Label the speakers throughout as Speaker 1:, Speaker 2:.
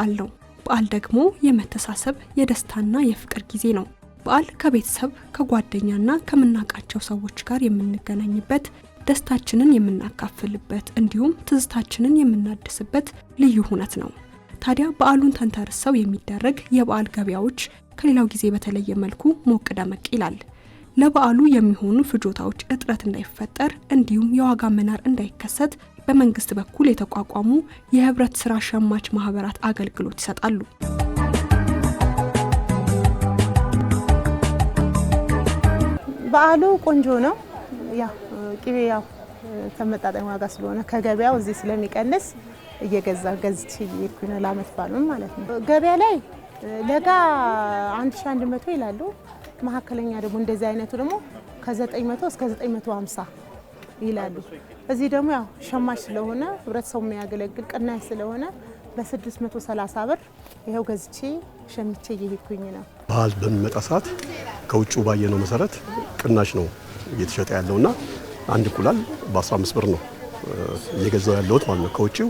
Speaker 1: በዓል ነው። በዓል ደግሞ የመተሳሰብ የደስታና የፍቅር ጊዜ ነው። በዓል ከቤተሰብ ከጓደኛና ከምናቃቸው ሰዎች ጋር የምንገናኝበት ደስታችንን የምናካፍልበት እንዲሁም ትዝታችንን የምናድስበት ልዩ ሁነት ነው። ታዲያ በዓሉን ተንተርሰው የሚደረግ የበዓል ገበያዎች ከሌላው ጊዜ በተለየ መልኩ ሞቅ ደመቅ ይላል። ለበዓሉ የሚሆኑ ፍጆታዎች እጥረት እንዳይፈጠር እንዲሁም የዋጋ መናር እንዳይከሰት በመንግስት በኩል የተቋቋሙ የህብረት ስራ ሸማች ማህበራት አገልግሎት ይሰጣሉ።
Speaker 2: በዓሉ ቆንጆ ነው። ያው ቅቤ ያው ተመጣጣኝ ዋጋ ስለሆነ ከገበያው እዚህ ስለሚቀንስ እየገዛ ገዝቼ እየሄድኩኝ ነው። ለአመት በዓሉን ማለት ነው። ገበያ ላይ ለጋ 1100 ይላሉ። መካከለኛ ደግሞ እንደዚህ አይነቱ ደግሞ ከ900 እስከ 950 ይላሉ። እዚህ ደግሞ ያው ሸማች ስለሆነ ህብረተሰቡ የሚያገለግል ቅናሽ ስለሆነ በ630 ብር ይኸው ገዝቼ ሸምቼ እየሄድኩኝ ነው።
Speaker 3: ባህል በሚመጣ ሰዓት ከውጭ ባየነው መሰረት ቅናሽ ነው እየተሸጠ ያለውና አንድ እንቁላል በ15 ብር ነው እየገዛው ያለሁት ማለት ነው። ከውጭው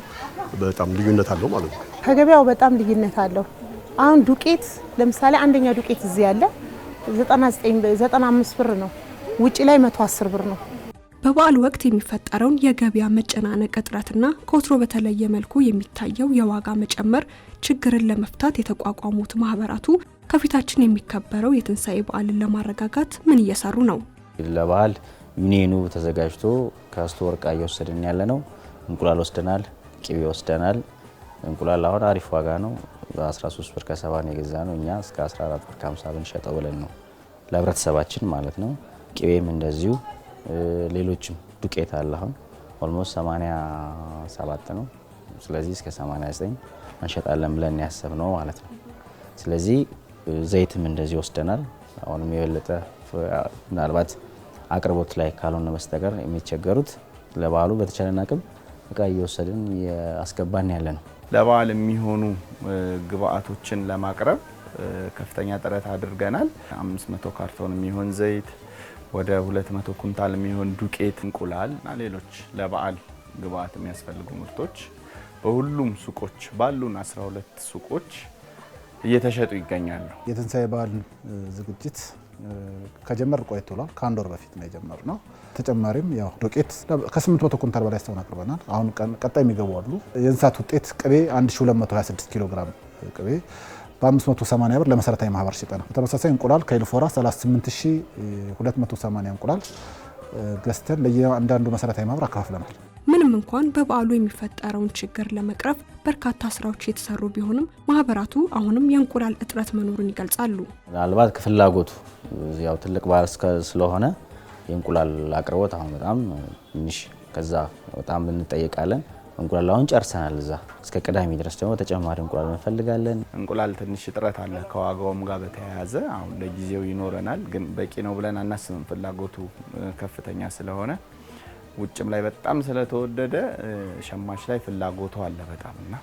Speaker 3: በጣም ልዩነት አለው ማለት ነው።
Speaker 2: ከገበያው በጣም ልዩነት አለው። አሁን ዱቄት ለምሳሌ አንደኛ ዱቄት እዚህ ያለ 95 ብር ነው፣ ውጭ ላይ 110 ብር ነው።
Speaker 1: በበዓል ወቅት የሚፈጠረውን የገበያ መጨናነቅ እጥረትና ከወትሮ በተለየ መልኩ የሚታየው የዋጋ መጨመር ችግርን ለመፍታት የተቋቋሙት ማህበራቱ ከፊታችን የሚከበረው የትንሣኤ በዓልን ለማረጋጋት ምን እየሰሩ ነው?
Speaker 4: ለበዓል ዩኒየኑ ተዘጋጅቶ ከስቶ ወርቃ እየወሰድን ያለ ነው። እንቁላል ወስደናል፣ ቅቤ ወስደናል። እንቁላል አሁን አሪፍ ዋጋ ነው። በ13 ብር ከ70 ነው የገዛ ነው። እኛ እስከ 14 ብር ከ50 ብንሸጠው ብለን ነው ለህብረተሰባችን ማለት ነው። ቅቤም እንደዚሁ ሌሎችም ዱቄት አለ። አሁን ኦልሞስት 87 ነው። ስለዚህ እስከ 89 እንሸጣለን ብለን ነው ማለት ነው። ስለዚህ ዘይትም እንደዚህ ወስደናል። አሁንም የበለጠ ምናልባት አቅርቦት ላይ ካልሆነ በስተቀር የሚቸገሩት ለበዓሉ በተቻለን አቅም እቃ እየወሰድን አስገባን ያለ ነው።
Speaker 5: ለበዓል የሚሆኑ ግብአቶችን ለማቅረብ ከፍተኛ ጥረት አድርገናል። 500 ካርቶን የሚሆን ዘይት ወደ 200 ኩንታል የሚሆን ዱቄት፣ እንቁላል እና ሌሎች ለበዓል ግብአት የሚያስፈልጉ ምርቶች በሁሉም ሱቆች ባሉን 12 ሱቆች እየተሸጡ ይገኛሉ።
Speaker 6: የትንሣኤ በዓል ዝግጅት ከጀመር ብሏል። ከአንድ ወር በፊት ነው ነው። ተጨማሪም ያው ዱቄት ከ800 ኩንታል በላይ እስካሁን አቅርበናል። አሁን ቀጣይ የሚገቡ አሉ። የእንስሳት ውጤት ቅቤ 1226 ኪሎ ግራም ቅቤ በ580 ብር ለመሰረታዊ ማህበር ሽጠናል። በተመሳሳይ እንቁላል ከኤልፎራ 38280 እንቁላል ገዝተን ለየአንዳንዱ መሰረታዊ ማህበር አካፍለናል።
Speaker 1: ምንም እንኳን በበዓሉ የሚፈጠረውን ችግር ለመቅረፍ በርካታ ስራዎች የተሰሩ ቢሆንም ማህበራቱ አሁንም የእንቁላል እጥረት መኖሩን ይገልጻሉ።
Speaker 4: ምናልባት ፍላጎቱ ያው ትልቅ በዓል ስለሆነ የእንቁላል አቅርቦት አሁን በጣም ትንሽ ከዛ በጣም እንጠየቃለን። እንቁላላውን ጨርሰናል። እዛ እስከ ቅዳሜ ድረስ ደግሞ ተጨማሪ እንቁላል እንፈልጋለን።
Speaker 5: እንቁላል ትንሽ እጥረት አለ ከዋጋውም ጋር በተያያዘ አሁን ለጊዜው ይኖረናል፣ ግን በቂ ነው ብለን አናስብም። ፍላጎቱ ከፍተኛ ስለሆነ ውጭም ላይ በጣም ስለተወደደ ሸማች ላይ ፍላጎቱ አለ በጣም እና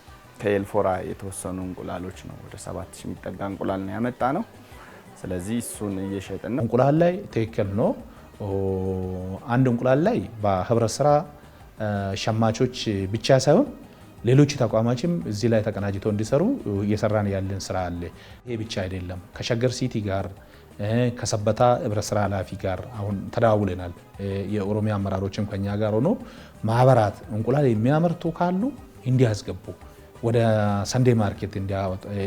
Speaker 5: ከኤልፎራ የተወሰኑ እንቁላሎች ነው ወደ 7 ሺህ የሚጠጋ እንቁላል ነው ያመጣ ነው። ስለዚህ እሱን እየሸጥን ነው።
Speaker 7: እንቁላል ላይ ትክክል ነው። አንድ እንቁላል ላይ በህብረት ስራ ሸማቾች ብቻ ሳይሆን ሌሎች ተቋማችም እዚህ ላይ ተቀናጅተው እንዲሰሩ እየሰራን ያለን ስራ አለ። ይሄ ብቻ አይደለም። ከሸገር ሲቲ ጋር ከሰበታ ህብረት ስራ ኃላፊ ጋር አሁን ተደዋውለናል። የኦሮሚያ አመራሮችም ከኛ ጋር ሆኖ ማህበራት እንቁላል የሚያመርቱ ካሉ እንዲያስገቡ ወደ ሰንዴ ማርኬት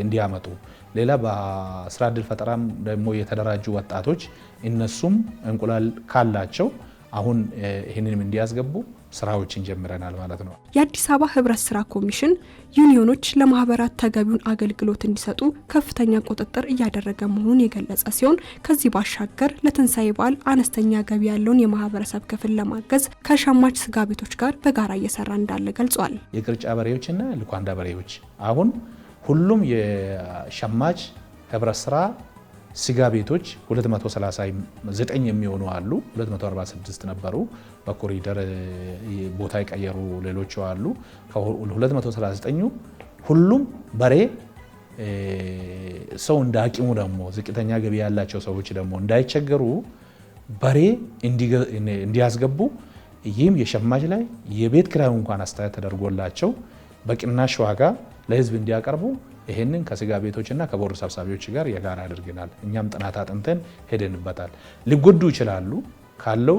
Speaker 7: እንዲያመጡ፣ ሌላ በስራ እድል ፈጠራም ደግሞ የተደራጁ ወጣቶች እነሱም እንቁላል ካላቸው አሁን ይህንንም እንዲያስገቡ ስራዎችን ጀምረናል ማለት ነው።
Speaker 1: የአዲስ አበባ ህብረት ስራ ኮሚሽን ዩኒዮኖች ለማህበራት ተገቢውን አገልግሎት እንዲሰጡ ከፍተኛ ቁጥጥር እያደረገ መሆኑን የገለጸ ሲሆን ከዚህ ባሻገር ለትንሳኤ በዓል አነስተኛ ገቢ ያለውን የማህበረሰብ ክፍል ለማገዝ ከሸማች ስጋ ቤቶች ጋር በጋራ እየሰራ እንዳለ ገልጿል።
Speaker 7: የቅርጫ በሬዎችና ልኳንዳ በሬዎች አሁን ሁሉም የሸማች ህብረት ስራ ስጋ ቤቶች 239 የሚሆኑ አሉ። 246 ነበሩ፣ በኮሪደር ቦታ የቀየሩ ሌሎች አሉ። 239 ሁሉም በሬ ሰው እንደ አቅሙ ደግሞ ዝቅተኛ ገቢ ያላቸው ሰዎች ደግሞ እንዳይቸገሩ በሬ እንዲያስገቡ ይህም የሸማች ላይ የቤት ክራዩ እንኳን አስተያየት ተደርጎላቸው በቅናሽ ዋጋ ለህዝብ እንዲያቀርቡ ይህንን ከስጋ ቤቶችና ከቦርድ ሰብሳቢዎች ጋር የጋራ አድርገናል። እኛም ጥናት አጥንተን ሄደንበታል። ሊጎዱ ይችላሉ ካለው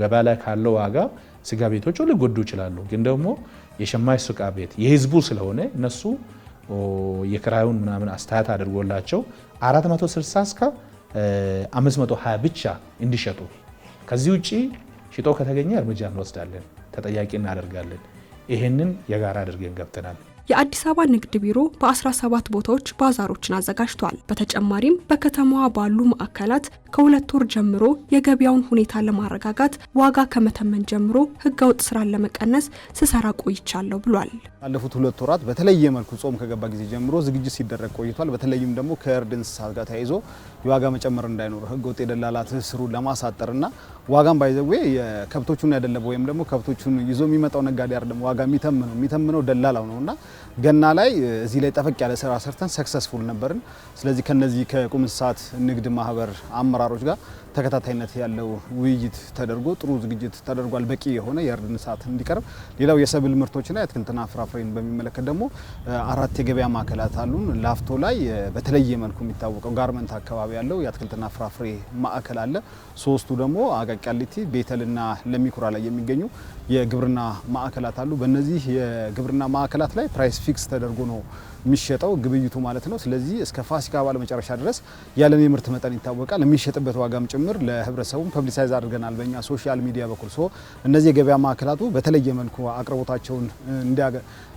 Speaker 7: ገበያ ላይ ካለው ዋጋ ስጋ ቤቶቹ ሊጎዱ ይችላሉ። ግን ደግሞ የሸማች ሱቃ ቤት የህዝቡ ስለሆነ እነሱ የክራዩን ምናምን አስተያየት አድርጎላቸው 460 እስከ 520 ብቻ እንዲሸጡ ከዚህ ውጭ ሽጦ ከተገኘ እርምጃ እንወስዳለን፣ ተጠያቂ እናደርጋለን። ይህንን የጋራ አድርገን ገብተናል።
Speaker 1: የአዲስ አበባ ንግድ ቢሮ በ17 ቦታዎች ባዛሮችን አዘጋጅቷል። በተጨማሪም በከተማዋ ባሉ ማዕከላት ከሁለት ወር ጀምሮ የገበያውን ሁኔታ ለማረጋጋት ዋጋ ከመተመን ጀምሮ ህገወጥ ስራን ለመቀነስ ስሰራ ቆይቻለሁ ብሏል።
Speaker 8: ባለፉት ሁለት ወራት በተለየ መልኩ ጾም ከገባ ጊዜ ጀምሮ ዝግጅት ሲደረግ ቆይቷል። በተለይም ደግሞ ከእርድ እንስሳት ጋር ተያይዞ የዋጋ መጨመር እንዳይኖር ህገወጥ የደላላ ትስስሩን ለማሳጠርና ዋጋም ባይዘዌ የከብቶቹን ያደለበ ወይም ደግሞ ከብቶቹን ይዞ የሚመጣው ነጋዴ አይደለም ዋጋ የሚተምነው የሚተምነው ደላላው ነውና ገና ላይ እዚህ ላይ ጠፈቅ ያለ ስራ ሰርተን ሰክሰስፉል ነበርን። ስለዚህ ከነዚህ ከቁም እንስሳት ንግድ ማህበር አመራሮች ጋር ተከታታይነት ያለው ውይይት ተደርጎ ጥሩ ዝግጅት ተደርጓል። በቂ የሆነ የእርድን ሰዓት እንዲቀርብ። ሌላው የሰብል ምርቶችና የአትክልትና ፍራፍሬን በሚመለከት ደግሞ አራት የገበያ ማዕከላት አሉን። ላፍቶ ላይ በተለየ መልኩ የሚታወቀው ጋርመንት አካባቢ ያለው የአትክልትና ፍራፍሬ ማዕከል አለ። ሶስቱ ደግሞ አቃቂ ቤተልና ለሚኩራ ላይ የሚገኙ የግብርና ማዕከላት አሉ። በእነዚህ የግብርና ማዕከላት ላይ ፕራይስ ፊክስ ተደርጎ ነው የሚሸጠው ግብይቱ ማለት ነው። ስለዚህ እስከ ፋሲካ በዓል መጨረሻ ድረስ ያለን የምርት መጠን ይታወቃል። የሚሸጥበት ዋጋም ጭምር ለህብረተሰቡም ፐብሊሳይዝ አድርገናል በእኛ ሶሻል ሚዲያ በኩል ሶ እነዚህ የገበያ ማዕከላቱ በተለየ መልኩ አቅርቦታቸውን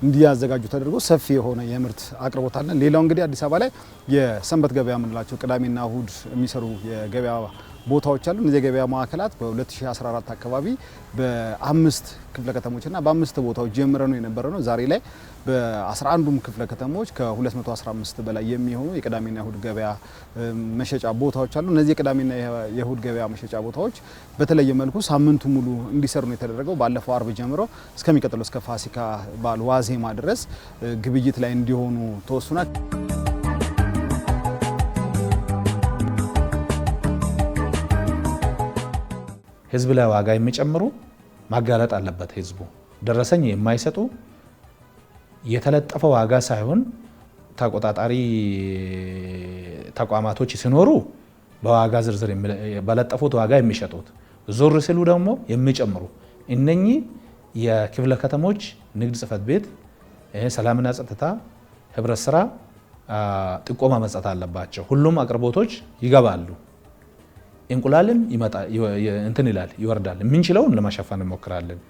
Speaker 8: እንዲያዘጋጁ ተደርጎ ሰፊ የሆነ የምርት አቅርቦት አለን። ሌላው እንግዲህ አዲስ አበባ ላይ የሰንበት ገበያ የምንላቸው ቅዳሜና እሁድ የሚሰሩ የገበያ ቦታዎች አሉ። እነዚህ የገበያ ማዕከላት በ2014 አካባቢ በአምስት ክፍለ ከተሞችና በአምስት ቦታዎች ጀምረ ነው የነበረ ነው። ዛሬ ላይ በ11ዱም ክፍለ ከተሞች ከ215 በላይ የሚሆኑ የቅዳሜና እሁድ ገበያ መሸጫ ቦታዎች አሉ። እነዚህ የቅዳሜና የእሁድ ገበያ መሸጫ ቦታዎች በተለየ መልኩ ሳምንቱ ሙሉ እንዲሰሩ ነው የተደረገው። ባለፈው አርብ ጀምሮ እስከሚቀጥለው እስከ ፋሲካ በዓል ዋዜማ ድረስ ግብይት ላይ እንዲሆኑ ተወስኗል።
Speaker 9: ህዝብ ላይ ዋጋ የሚጨምሩ ማጋለጥ አለበት። ህዝቡ ደረሰኝ የማይሰጡ የተለጠፈ ዋጋ ሳይሆን ተቆጣጣሪ ተቋማቶች ሲኖሩ በዋጋ ዝርዝር በለጠፉት ዋጋ የሚሸጡት ዞር ሲሉ ደግሞ የሚጨምሩ እነኚህ የክፍለ ከተሞች ንግድ ጽህፈት ቤት ሰላምና ጸጥታ፣ ህብረት ስራ ጥቆማ መስጠት አለባቸው። ሁሉም አቅርቦቶች ይገባሉ። እንቁላልም እንትን ይላል ይወርዳል። የምንችለውን ለማሸፋን እንሞክራለን።